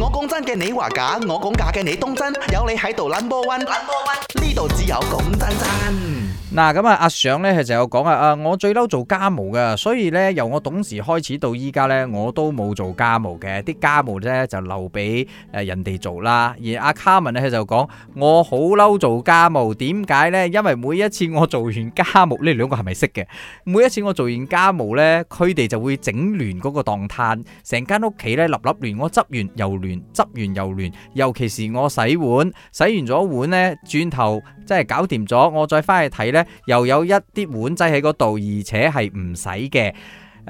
我講真嘅，你話假的；我講假嘅，你當真。有你喺度，number one，呢度只有講真真。嗱咁啊，啊，阿尚咧，佢就有講啊，啊我最嬲做家務噶，所以咧由我懂事開始到依家咧，我都冇做家務嘅，啲家務咧就留俾誒人哋做啦。而阿卡文咧，佢就講我好嬲做家務，點解咧？因為每一次我做完家務，呢兩個係咪識嘅？每一次我做完家務咧，佢哋就會整亂嗰個檔攤成間屋企咧粒粒亂，我執完又亂，執完又亂，尤其是我洗碗，洗完咗碗咧，轉頭即係搞掂咗，我再翻去睇咧。又有一啲碗仔喺嗰度，而且係唔使嘅。誒、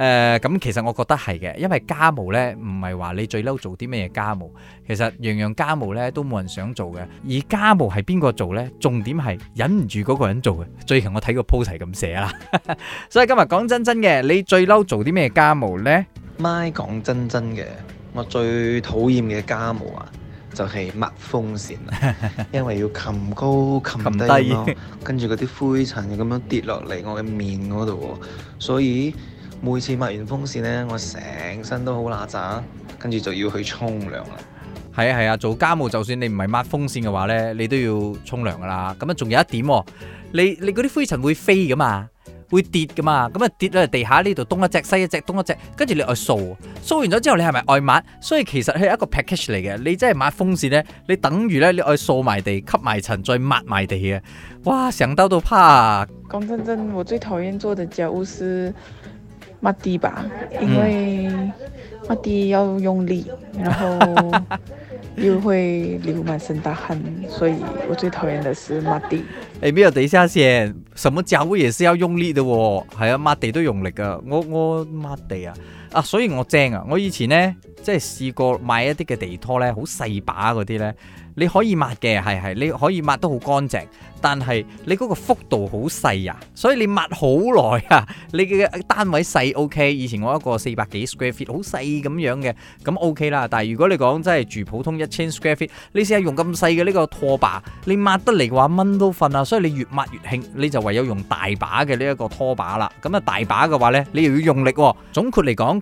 呃，咁其實我覺得係嘅，因為家務呢唔係話你最嬲做啲咩家務，其實樣樣家務呢都冇人想做嘅。而家務係邊個做呢？重點係忍唔住嗰個人做嘅。最近我睇個 post 係咁寫啦， 所以今日講真真嘅，你最嬲做啲咩家務呢？MY，講真真嘅，我最討厭嘅家務啊！就係抹風扇啦，因為要冚高冚低咯，跟住嗰啲灰塵咁樣跌落嚟我嘅面嗰度，所以每次抹完風扇呢，我成身都好乸渣，跟住就要去沖涼啦。係啊係啊，做家務就算你唔係抹風扇嘅話呢，你都要沖涼噶啦。咁啊，仲有一點，你你嗰啲灰塵會飛噶嘛。會跌噶嘛？咁啊跌喺地下呢度東一隻西一隻東一隻，跟住你愛掃，掃完咗之後你係咪愛抹？所以其實係一個 package 嚟嘅。你真係買風扇咧，你等於咧你愛掃埋地、吸埋塵、再抹埋地嘅。哇！成兜都怕、啊。講真真，我最討厭做嘅，家務是抹地吧，因為抹地、嗯、要用力，然後又會流滿身大汗， 所以我最討厭的是抹地。誒 b i 地下先。什麼家務也是要用力的喎、哦，係啊，抹地都用力噶，我我抹地啊。啊，所以我正啊！我以前呢，即係試過買一啲嘅地拖咧，好細把嗰啲呢，你可以抹嘅，係係，你可以抹得好乾淨，但係你嗰個幅度好細啊，所以你抹好耐啊，你嘅單位細，O K。以前我一個四百幾 square feet，好細咁樣嘅，咁 O K 啦。但係如果你講真係住普通一千 square feet，你試下用咁細嘅呢個拖把，你抹得嚟嘅話，蚊都瞓啊。所以你越抹越輕，你就唯有用大把嘅呢一個拖把啦。咁啊大把嘅話呢，你又要用力喎、哦。總括嚟講。